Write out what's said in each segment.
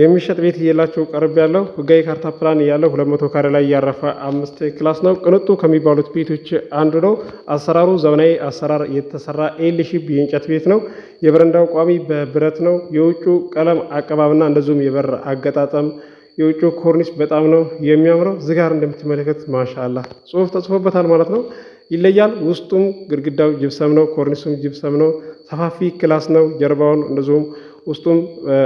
የሚሸጥ ቤት እየላቸው ቀርብ ያለው ህጋዊ ካርታ ፕላን ያለው ሁለት መቶ ካሬ ላይ ያረፈ አምስት ክላስ ነው። ቅንጡ ከሚባሉት ቤቶች አንዱ ነው። አሰራሩ ዘመናዊ አሰራር የተሰራ ኤል የእንጨት ቤት ነው። የበረንዳው ቋሚ በብረት ነው። የውጩ ቀለም አቀባብና እንደዚሁም የበር አገጣጠም የውጭ ኮርኒስ በጣም ነው የሚያምረው። እዚህ ጋር እንደምትመለከት ማሻላ ጽሁፍ ተጽፎበታል ማለት ነው። ይለያል። ውስጡም ግድግዳው ጅብሰም ነው፣ ኮርኒሱም ጅብሰም ነው። ሰፋፊ ክላስ ነው። ጀርባውን እንደዚሁም ውስጡም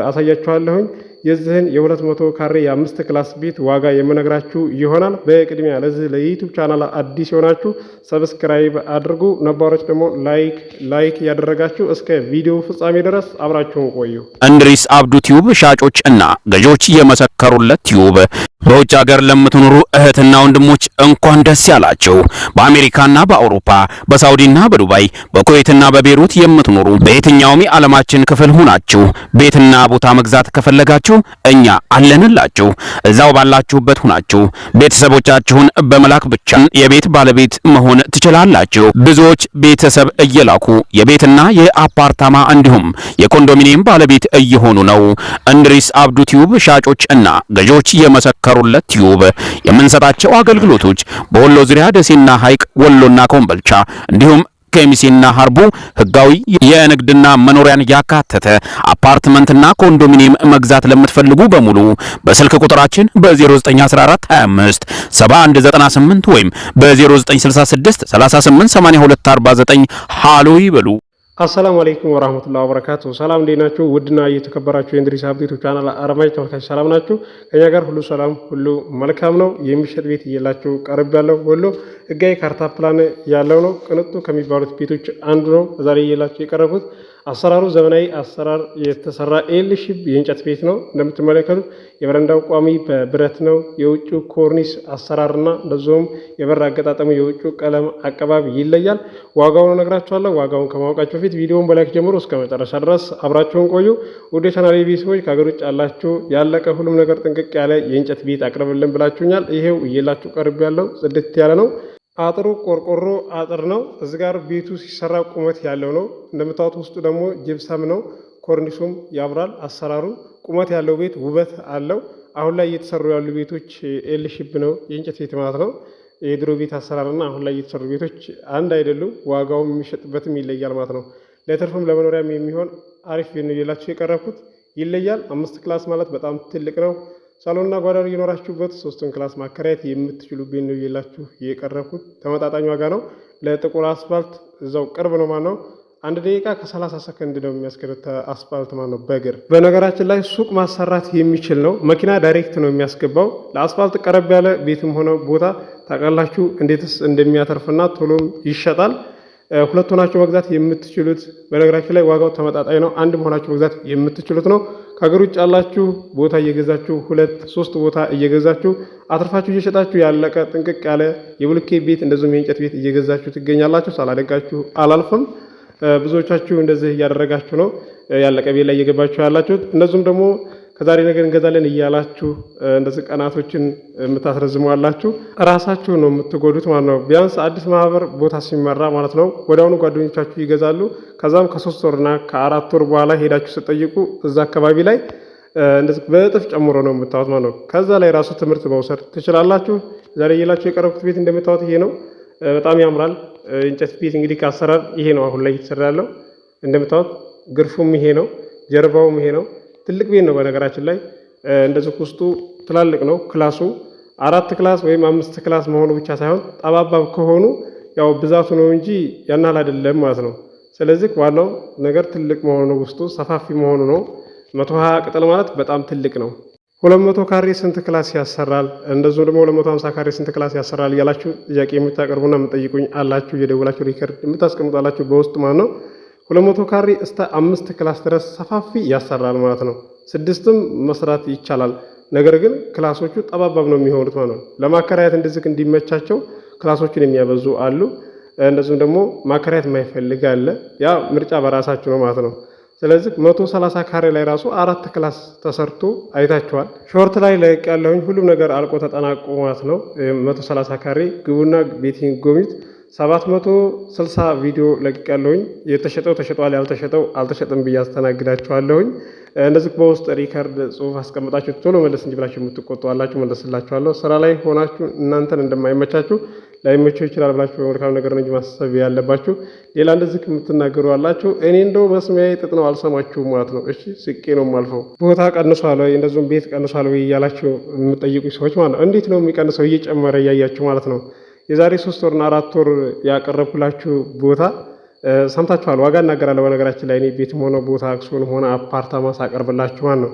አሳያችኋለሁኝ። የዚህን የ200 ካሬ የአምስት ክላስ ቤት ዋጋ የምነግራችሁ ይሆናል። በቅድሚያ ለዚህ ለዩቱብ ቻናል አዲስ የሆናችሁ ሰብስክራይብ አድርጉ፣ ነባሮች ደግሞ ላይክ ላይክ ያደረጋችሁ እስከ ቪዲዮ ፍጻሜ ድረስ አብራችሁን ቆዩ። እንድሪስ አብዱ ቲዩብ ሻጮች እና ገዢዎች የመሰከሩለት ቲዩብ በውጭ ሀገር ለምትኖሩ እህትና ወንድሞች እንኳን ደስ ያላችሁ። በአሜሪካና በአውሮፓ በሳውዲና በዱባይ በኩዌትና በቤሩት የምትኖሩ በየትኛውም የዓለማችን ክፍል ሁናችሁ ቤትና ቦታ መግዛት ከፈለጋችሁ እኛ አለንላችሁ። እዛው ባላችሁበት ሁናችሁ ቤተሰቦቻችሁን በመላክ ብቻ የቤት ባለቤት መሆን ትችላላችሁ። ብዙዎች ቤተሰብ እየላኩ የቤትና የአፓርታማ እንዲሁም የኮንዶሚኒየም ባለቤት እየሆኑ ነው። እንድሪስ አብዱ ቲዩብ ሻጮች እና ገዢዎች የመሰከሩለት ቲዩብ የምንሰጣቸው አገልግሎቶች በወሎ ዙሪያ ደሴና ሐይቅ፣ ወሎና ኮምበልቻ እንዲሁም ከሚሴና ሀርቡ ህጋዊ የንግድና መኖሪያን ያካተተ አፓርትመንትና ኮንዶሚኒየም መግዛት ለምትፈልጉ በሙሉ በስልክ ቁጥራችን በ0914 ወይም በ0966 388249 ሃሎ ይበሉ። አሰላሙ አለይኩም ወራህመቱላሂ ወበረካቱ። ሰላም እንዴት ናችሁ? ውድና እየተከበራችሁ የእንድሪስ አብዴቱ ቻናል አረማጅ ተመልካች ሰላም ናችሁ? ከኛ ጋር ሁሉ ሰላም ሁሉ መልካም ነው። የሚሸጥ ቤት እየላችሁ ቀርብ ያለው ወሎ ህጋዊ ካርታ ፕላን ያለው ነው። ቅንጡ ከሚባሉት ቤቶች አንዱ ነው። ዛሬ እየላችሁ የቀረቡት አሰራሩ ዘመናዊ አሰራር የተሰራ ኤል የእንጨት ቤት ነው። እንደምትመለከቱት የበረንዳው ቋሚ በብረት ነው። የውጭ ኮርኒስ አሰራርና እንደዚሁም የበር አገጣጠሙ የውጭ ቀለም አቀባብ ይለያል። ዋጋውን እነግራችኋለሁ። ዋጋውን ከማወቃችሁ በፊት ቪዲዮውን በላይክ ጀምሮ እስከ መጨረሻ ድረስ አብራችሁን ቆዩ። ውድ የቻናሌ ቤተሰቦች ከሀገር ውጭ ያላችሁ ያለቀ ሁሉም ነገር ጥንቅቅ ያለ የእንጨት ቤት አቅርብልን ብላችሁኛል። ይሄው እየላችሁ ቀርብ ያለው ጽድት ያለ ነው። አጥሩ ቆርቆሮ አጥር ነው። እዚ ጋር ቤቱ ሲሰራ ቁመት ያለው ነው። እንደምታዩት ውስጡ ደግሞ ጅብሰም ነው። ኮርኒሱም ያብራል አሰራሩ ቁመት ያለው ቤት ውበት አለው። አሁን ላይ እየተሰሩ ያሉ ቤቶች ኤልሺፕ ነው፣ የእንጨት ቤት ማለት ነው። የድሮ ቤት አሰራርና አሁን ላይ እየተሰሩ ቤቶች አንድ አይደሉም። ዋጋውም የሚሸጥበትም ይለያል ማለት ነው። ለትርፍም ለመኖሪያም የሚሆን አሪፍ ቤት ነው። የቀረብኩት ይለያል። አምስት ክላስ ማለት በጣም ትልቅ ነው። ሳሎንና ጓዳ እየኖራችሁበት ሶስቱን ክላስ ማከራየት የምትችሉ ቤት ነው የላችሁ የቀረብኩት። ተመጣጣኝ ዋጋ ነው። ለጥቁር አስፋልት እዛው ቅርብ ነው ማለት ነው። አንድ ደቂቃ ከ30 ሰከንድ ነው የሚያስገርት አስፋልት ማለት ነው በእግር በነገራችን ላይ ሱቅ ማሰራት የሚችል ነው። መኪና ዳይሬክት ነው የሚያስገባው። ለአስፋልት ቀረብ ያለ ቤትም ሆነ ቦታ ታውቃላችሁ እንዴትስ እንደሚያተርፍና ቶሎም ይሸጣል። ሁለት ሆናችሁ መግዛት የምትችሉት በነገራችን ላይ ዋጋው ተመጣጣኝ ነው። አንድ ሆናችሁ መግዛት የምትችሉት ነው። ከሀገር ውጭ ያላችሁ ቦታ እየገዛችሁ ሁለት ሶስት ቦታ እየገዛችሁ አትርፋችሁ እየሸጣችሁ ያለቀ ጥንቅቅ ያለ የብሎኬት ቤት እንደዚሁም የእንጨት ቤት እየገዛችሁ ትገኛላችሁ። ሳላደንቃችሁ አላልፍም። ብዙዎቻችሁ እንደዚህ እያደረጋችሁ ነው ያለቀ ቤት ላይ እየገባችሁ ያላችሁት። እነዚሁም ደግሞ ከዛሬ ነገር እንገዛለን እያላችሁ እንደዚህ ቀናቶችን የምታስረዝመዋላችሁ እራሳችሁ ራሳችሁ ነው የምትጎዱት ማለት ነው። ቢያንስ አዲስ ማህበር ቦታ ሲመራ ማለት ነው ወዲያውኑ ጓደኞቻችሁ ይገዛሉ። ከዛም ከሶስት ወርና ከአራት ወር በኋላ ሄዳችሁ ስጠይቁ እዛ አካባቢ ላይ እንደዚህ በእጥፍ ጨምሮ ነው የምታወት ማለት ነው። ከዛ ላይ ራሱ ትምህርት መውሰድ ትችላላችሁ። ዛሬ እየላችሁ የቀረብኩት ቤት እንደምታዩት ይሄ ነው። በጣም ያምራል። እንጨት ቤት እንግዲህ ከአሰራር ይሄ ነው አሁን ላይ እየተሰራ ያለው እንደምታዩት ግርፉም ይሄ ነው፣ ጀርባውም ይሄ ነው። ትልቅ ቤት ነው። በነገራችን ላይ እንደዚህ ውስጡ ትላልቅ ነው። ክላሱ አራት ክላስ ወይም አምስት ክላስ መሆኑ ብቻ ሳይሆን ጠባባብ ከሆኑ ያው ብዛቱ ነው እንጂ ያናል አይደለም ማለት ነው። ስለዚህ ዋናው ነገር ትልቅ መሆኑ ውስጡ ሰፋፊ መሆኑ ነው። መቶ ሀያ ቅጠል ማለት በጣም ትልቅ ነው። ሁለት መቶ ካሬ ስንት ክላስ ያሰራል? እንደዚሁም ደግሞ ሁለት መቶ ሀምሳ ካሬ ስንት ክላስ ያሰራል እያላችሁ ጥያቄ የምታቀርቡና የምጠይቁኝ አላችሁ፣ እየደውላችሁ ሪከርድ የምታስቀምጣላችሁ በውስጥ ማለት ነው። ሁለት መቶ ካሬ እስከ አምስት ክላስ ድረስ ሰፋፊ ያሰራል ማለት ነው። ስድስትም መስራት ይቻላል። ነገር ግን ክላሶቹ ጠባባብ ነው የሚሆኑት ማለት ነው። ለማከራየት እንደዚህ እንዲመቻቸው ክላሶቹን የሚያበዙ አሉ። እንደዚሁም ደግሞ ማከራየት የማይፈልግ አለ። ያ ምርጫ በራሳችሁ ነው ማለት ነው። ስለዚህ መቶ ሰላሳ ካሬ ላይ ራሱ አራት ክላስ ተሰርቶ አይታችኋል። ሾርት ላይ ለቅ ያለሁኝ ሁሉም ነገር አልቆ ተጠናቆ ማለት ነው። መቶ ሰላሳ ካሬ ግቡና ቤት ጎብኙት። 760 ቪዲዮ ለቅቄያለሁኝ። የተሸጠው ተሸጧል፣ ያልተሸጠው አልተሸጠም ብዬ አስተናግዳችኋለሁኝ። እንደዚህ በውስጥ ሪከርድ ጽሁፍ አስቀምጣችሁ ቶሎ መለስ እንጂ ብላችሁ የምትቆጡ መለስላችኋለሁ። ስራ ላይ ሆናችሁ እናንተን እንደማይመቻችሁ ላይመቸው ይችላል ብላችሁ በመልካም ነገር እንጂ ማሰብ ያለባችሁ ሌላ እንደዚህ የምትናገሩ አላችሁ። እኔ እንደው መስሚያዬ ጥጥ ነው አልሰማችሁም ማለት ነው። እሺ ስቄ ነው የማልፈው። ቦታ ቀንሷል ወይ እንደዚሁም ቤት ቀንሷል ወይ እያላችሁ የምጠይቁኝ ሰዎች ማለት ነው። እንዴት ነው የሚቀንሰው? እየጨመረ እያያችሁ ማለት ነው። የዛሬ ሶስት ወርና አራት ወር ያቀረብኩላችሁ ቦታ ሰምታችኋል። ዋጋ እናገራለሁ። በነገራችን ላይ እኔ ቤትም ሆነ ቦታ አክሱንም ሆነ አፓርታማ ሳቀርብላችኋል ነው።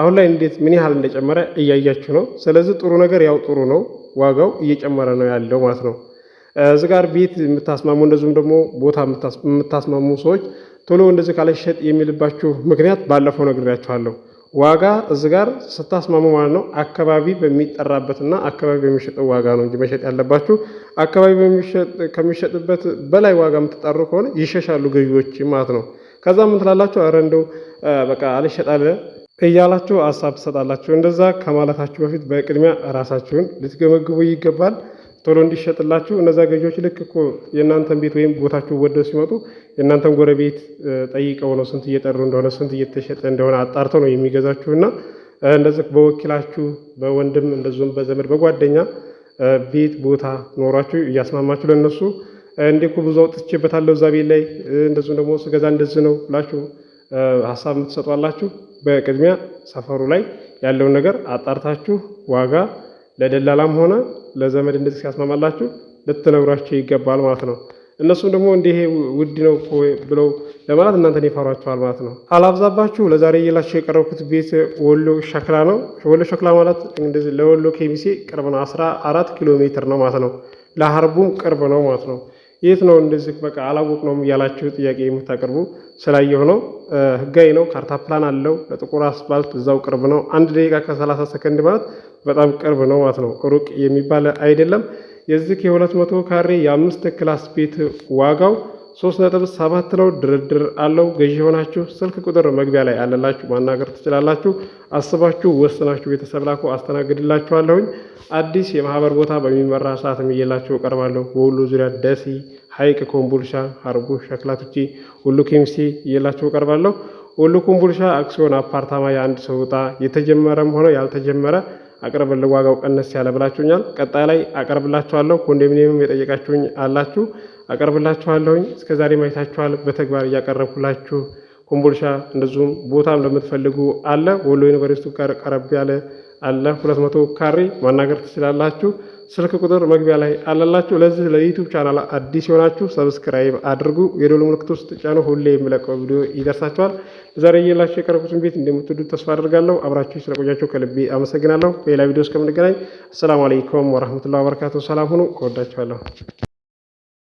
አሁን ላይ እንዴት ምን ያህል እንደጨመረ እያያችሁ ነው። ስለዚህ ጥሩ ነገር ያው ጥሩ ነው። ዋጋው እየጨመረ ነው ያለው ማለት ነው። እዚ ጋር ቤት የምታስማሙ እንደዚሁም ደግሞ ቦታ የምታስማሙ ሰዎች ቶሎ እንደዚህ ካለሸጥ የሚልባችሁ ምክንያት ባለፈው ነግሬያችኋለሁ። ዋጋ እዚህ ጋር ስታስማሙ ማለት ነው አካባቢ በሚጠራበትና አካባቢ በሚሸጠው ዋጋ ነው እንጂ መሸጥ ያለባችሁ። አካባቢ ከሚሸጥበት በላይ ዋጋ የምትጠሩ ከሆነ ይሸሻሉ ገዢዎች ማለት ነው። ከዛ ምን ትላላችሁ? ኧረ እንደው በቃ አልሸጣለ እያላችሁ ሀሳብ ትሰጣላችሁ። እንደዛ ከማለታችሁ በፊት በቅድሚያ ራሳችሁን ልትገመግቡ ይገባል። ቶሎ እንዲሸጥላችሁ እነዛ ገዢዎች ልክ እኮ የእናንተን ቤት ወይም ቦታችሁ ወደው ሲመጡ የእናንተን ጎረቤት ጠይቀው ነው ስንት እየጠሩ እንደሆነ ስንት እየተሸጠ እንደሆነ አጣርተው ነው የሚገዛችሁ እና እንደዚህ በወኪላችሁ በወንድም እንደዚሁም በዘመድ በጓደኛ ቤት ቦታ ኖሯችሁ እያስማማችሁ ለእነሱ እንዴ እኮ ብዙ አውጥቼበታለሁ እዛ ቤት ላይ እንደዚሁም ደግሞ ስገዛ እንደዚህ ነው ብላችሁ ሀሳብ የምትሰጧላችሁ። በቅድሚያ ሰፈሩ ላይ ያለውን ነገር አጣርታችሁ ዋጋ ለደላላም ሆነ ለዘመድ እንደዚህ ሲያስማማላችሁ ልትነግሯቸው ይገባል ማለት ነው። እነሱም ደግሞ እንዲህ ውድ ነው ብለው ለማለት እናንተን ይፈሯቸዋል ማለት ነው። አላብዛባችሁ። ለዛሬ እየላቸው የቀረብኩት ቤት ወሎ ሸክላ ነው። ወሎ ሸክላ ማለት ለወሎ ኬሚሴ ቅርብ ነው፣ 14 ኪሎ ሜትር ነው ማለት ነው። ለሀርቡም ቅርብ ነው ማለት ነው። የት ነው እንደዚህ በቃ አላወቅ ነው እያላችሁ ጥያቄ የምታቀርቡ ስላየሁ ነው። ህጋዊ ነው። ካርታ ፕላን አለው። ለጥቁር አስፋልት እዛው ቅርብ ነው። አንድ ደቂቃ ከሰላሳ ሰከንድ ማለት በጣም ቅርብ ነው ማለት ነው። ሩቅ የሚባል አይደለም። የዚህ የሁለት መቶ ካሬ የአምስት ክላስ ቤት ዋጋው ሶስት ነጥብ ሰባት ነው። ድርድር አለው። ገዢ የሆናችሁ ስልክ ቁጥር መግቢያ ላይ አለላችሁ፣ ማናገር ትችላላችሁ። አስባችሁ ወስናችሁ ቤተሰብ ላኩ፣ አስተናግድላችኋለሁኝ። አዲስ የማህበር ቦታ በሚመራ ሰዓት እየላችሁ እቀርባለሁ። በወሎ ዙሪያ ደሴ፣ ሐይቅ፣ ኮምቦልሻ፣ ሀርቡ፣ ሸክላ ቱቺ፣ ወሎ ኬሚሴ እየላችሁ እቀርባለሁ። ወሎ ኮምቦልሻ አክሲዮን አፓርታማ የአንድ ሰው ዕጣ የተጀመረም ሆነ ያልተጀመረ አቅርብልህ ዋጋው ቀነስ ያለ ብላችሁኛል። ቀጣይ ላይ አቀርብላችኋለሁ። ኮንዶሚኒየምም የጠየቃችሁኝ አላችሁ አቀርብላችኋለሁኝ። እስከዛሬ ማየታችኋል። በተግባር እያቀረብኩላችሁ ኮምቦልሻ፣ እንደዚሁም ቦታም ለምትፈልጉ አለ ወሎ ዩኒቨርሲቲ ጋር ቀረብ ያለ አለ። ሁለት መቶ ካሬ ማናገር ትችላላችሁ። ስልክ ቁጥር መግቢያ ላይ አለላችሁ። ለዚህ ለዩቱብ ቻናል አዲስ የሆናችሁ ሰብስክራይብ አድርጉ። የደወል ምልክት ውስጥ ጫኑ። ሁሌ የሚለቀው ቪዲዮ ይደርሳችኋል። ዛሬ እየላችሁ የቀረብኩትን ቤት እንደምትወዱት ተስፋ አድርጋለሁ። አብራችሁ ስለቆያችሁ ከልቤ አመሰግናለሁ። በሌላ ቪዲዮ እስከምንገናኝ አሰላሙ አለይኩም ወረህመቱላሂ ወበረካቱ። ሰላም ሁኑ። እወዳችኋለሁ።